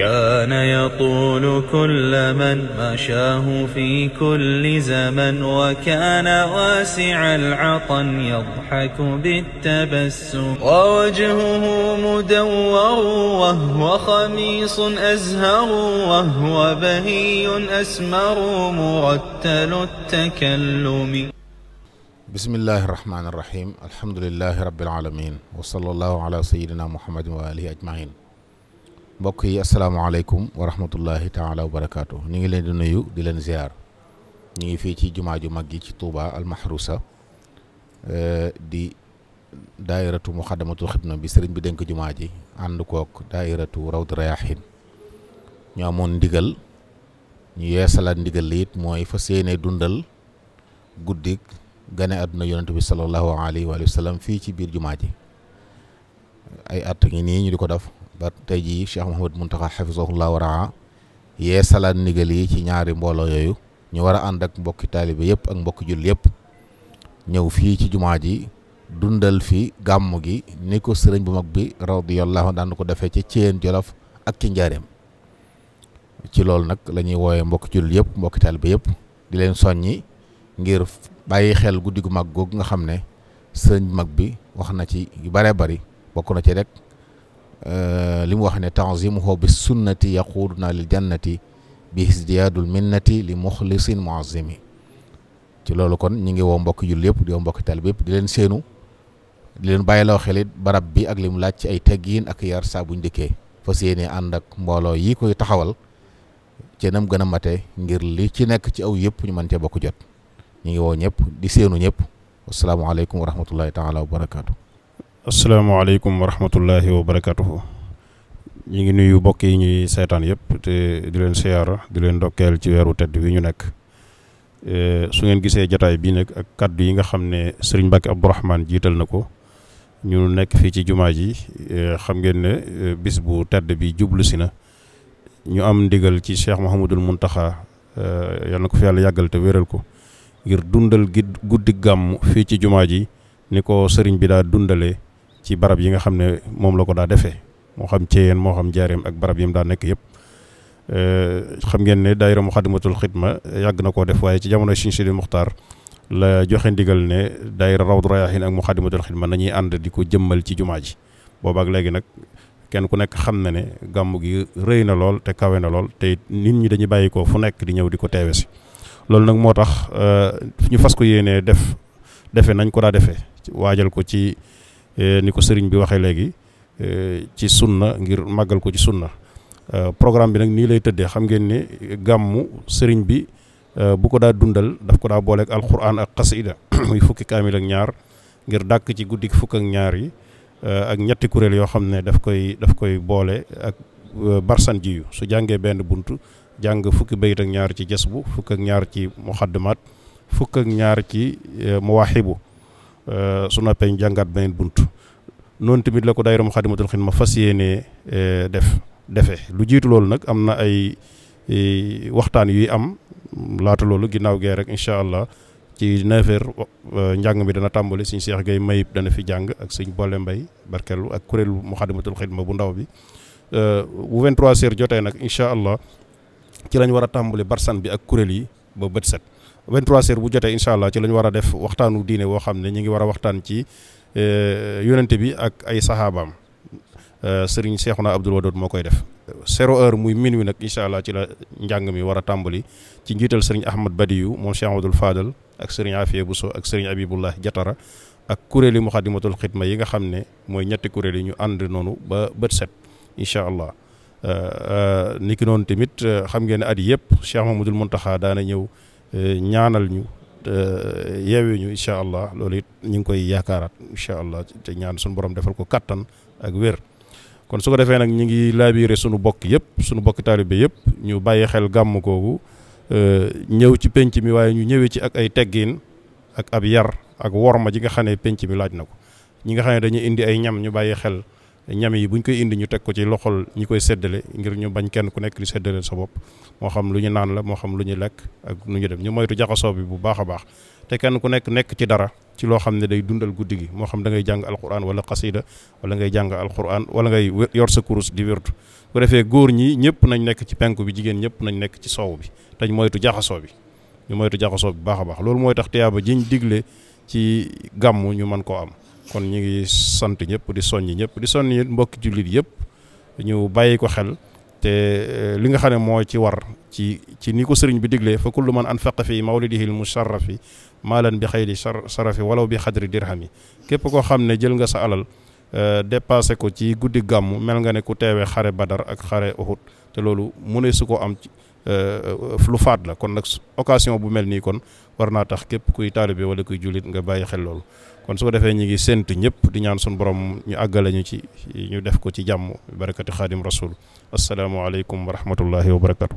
كان يطول كل من مشاه في كل زمن وكان واسع العطن يضحك بالتبسم ووجهه مدور وهو خميص أزهر وهو بهي أسمر مرتل التكلم بسم الله الرحمن الرحيم الحمد لله رب العالمين وصلى الله على سيدنا محمد وآله أجمعين mbokk yi asalaamaaleykum wa rahmatullahi taala wa barakaatu ñu ngi leen di nuyu di leen ziar ñu ngi fii ci jumaa ju mag gi ci Touba almahrusa eh, di daairatu muxadamatul xidma bi sëriñ bi dénk jumaa ji ànd kook daairatu rawd rayahin ñu amoon ndigal ñu yeesalaat ndigal li it mooy fas yéene dundal guddik gane àdduna yonent bi sallallahu alayhi wa sallam fii ci biir jumaa ji ay at ngi nii ñu di ko def ba tey jii Cheikh Mouhamed Mountakha xafisahullah waraa yee salaat ndigal yi ci ñaari mbooloo yooyu ñu war a ànd ak mbokki taalibe yëpp ak mbokki jul yépp ñëw fii ci jumaa ji dundal fi gàmmu gi ni ko sëriñ bu mag bi radiyallahu daan ko defee ci Ceen Jolof ak ci njaareem ci loolu nag lañuy ñuy wooyee mbokki jul yëpp mbokki taalibe yëpp di leen soññi ngir bàyyi xel guddi gu mag googu nga xam ne sëriñ bu mag bi wax na ci yu bare bari bokk na ci rek Euh, li mu wax ne tanzimuhu bi sunnati yaquduna lil jannati bi isdiyaadul minnati li muxlisin muazimi ci loolu kon ñu ngi woo mbokk jullit yëpp di woo mbokk talib yëpp di leen séenu di leen bàyyi loo xel it barab bi ak li mu laaj ci ay teggiin ak yar saa buñ dëkkee fa yéene ànd ak mbooloo yi koy taxawal ci nam gën a mate ngir li ci nekk ci aw yëpp ñu mën cee bokk jot ñu ngi woo ñëpp di séenu ñëpp asalaamaaleykum wa rahmatullahi taala wa barakaatu. asalaamaaleykum wa rahmatullahi wa barakatuhu ñu ngi nuyu mbokk yi ñuy seetaan yëpp te di leen siyaara di leen ndokkeel ci weeru tedd bi ñu nekk e, su ngeen gisee jataay bii nag ak kàddu yi nga xam ne sëriñ Mbàkke Abdourahmane jiital na ko ñu nekk fii ci jumaa ji e, xam ngeen ne e, bis bu tedd bi jublu si na ñu am ndigal ci Cheikh Mouhamadul Mountakha yal na ko fi yàlla yàggal te wéral ko ngir dundal gi guddi gàmm fii ci jumaa ji ni ko sëriñ bi daa dundalee ci barab yi nga xam ne moom la ko daa defee moo xam Thiéyène moo xam Njaaréem ak barab yi mu daa nekk yëpp euh, xam ngeen ne daayira Muxaddamatul Xidma yàgg na koo def waaye ci jamono Sëriñ Sidi Muxtaar la joxe ndigal ne daayira Rawdu Rayaahiin ak Muxaddamatul Xidma nañuy ànd di ko jëmmal ci jumaa ji boobaak léegi nag kenn ku nekk xam na ne gàmm gi rëy na lool te kawe na lool te nit ñi dañuy bàyyi ko fu nekk di ñëw di ko teewe si loolu nag moo tax euh, ñu fas ko yéene def defe nañ ko daa defee waajal ko ci Eh, ni ko sëriñ bi waxee léegi eh, ci sunna ngir màggal ko ci sunna eh, programme bi nag nii lay tëddee xam ngeen ni gàmmu sëriñ bi bu ko daa dundal daf ko daa booleeg alquran ak xasida muy fukki kaamil ak ñaar ngir dàkk ci guddi fukk ak ñaar yi ak ñetti kuréel yoo xam ne daf koy daf koy boole ak barsan ji yu su jàngee benn bunt jàng fukki bayit ak ñaar ci jes bu fukk ak ñaar ci muxaddimaat fukk ak ñaar ci muwaxibu Euh, su noppee jàngaat beneen bunt noonu tamit la ko daayira Moukhaddamatoul Khidma fas yéenee euh, def defe lu jiitu loolu nag am na ay waxtaan yuy am laata loolu ginnaaw gee rek incha allah ci 9h euh, njàng bi dana tàmbali suñ Cheikh Gueye Mayib dana fi jàng ak suñ Boole Mbay barkeelu ak kuréelu Moukhaddamatoul Khidma bu ndaw bi bu 23h jotee nag incha allah ci lañ war a tàmbali barsan bi ak kuréel yi ba bët set. 23h bu jotee incha allah ci la ñu war a def waxtaanu diine woo xam ne ñu ngi war a waxtaan ci euh, yonente bi ak ay saxaabaam sëriñ euh, Seexuna Abdul Wadood moo koy def. zéro heure muy wi nag incha allah ci la njàng mi war a tàmbali ci njiital sëriñ Ahmad Badiyu moom Cheikh Amadul faadal ak sëriñ bu so ak sëriñ Abibullah Jatara ak kuréel yi Muxaddamatul Xidma yi nga xam ne mooy ñetti kuréel yi ñu ànd noonu ba bët set incha allah. Euh, niki noonu tamit xam ngeen ne at yëpp Cheikh Mahmadul Muntaxa daana ñëw. ñaanal ñu yeewee ñu incha allah loolu it ñu ngi koy yaakaaraat incha allah te ñaan suñu borom defal ko kattan ak wér. kon su ko defee nag ñu ngi laabiire suñu bokk yëpp suñu bokki taalibe yëpp ñu bàyyi xel gàmm googu e, ñëw ci penc mi waaye ñu ñëwee ci ak ay teggiin ak ab yar ak worma ji nga xam ne penc mi laaj na ko ñi nga xam ne dañuy indi ay ñam ñu bàyyi xel. ñam yi buñ koy indi ñu teg ko ci loxol ñi koy seddale ngir ñu bañ kenn ku nekk di seddale sa bopp moo xam lu ñu naan la moo xam lu ñu lekk ak lu ñu dem ñu moytu jaxasoo bi bu baax a baax te kenn ku nekk nekk ci dara ci loo xam ne day dundal guddi gi moo xam da ngay jàng alquran wala xasida wala ngay jàng alquran wala ngay yor sa kurus di wértu bu defee góor ñi ñëpp nañ nekk ci penku bi jigéen ñëpp nañ nekk ci soow bi tañ moytu jaxasoo bi ñu moytu jaxasoo bi baax a baax loolu mooy tax tiyaaba jiñ digle ci gàmm ñu mën koo am kon ñu ngi sant ñëpp di soññ ñëpp di soññ mbokki jullit yëpp ñu bàyyi ko xel te eh, li nga xam ne moo ci war ci ci ni ko sëriñ bi diglee fa kullu man an anfaqa fi mawlidihi l musharrafi maalan bi di sarafi walaw bi xadri dirhami képp koo xam ne jël nga sa alal eh, dépassé ko ci guddi gàmmu mel nga ne ku teewee xare badar ak xare uhud te loolu mu ne su ko am Euh, lu faat la kon nag occasion bu mel nii kon war naa tax képp kuy taalibe wala kuy jullit nga bàyyi xel loolu kon su ko defee ñu ngi séentu ñëpp di ñaan suñu borom ñu àggale ñu ci ñu def ko ci jàmm barakati xaadim rasul asalaamaaleykum wa rahmatullahi wa barakatu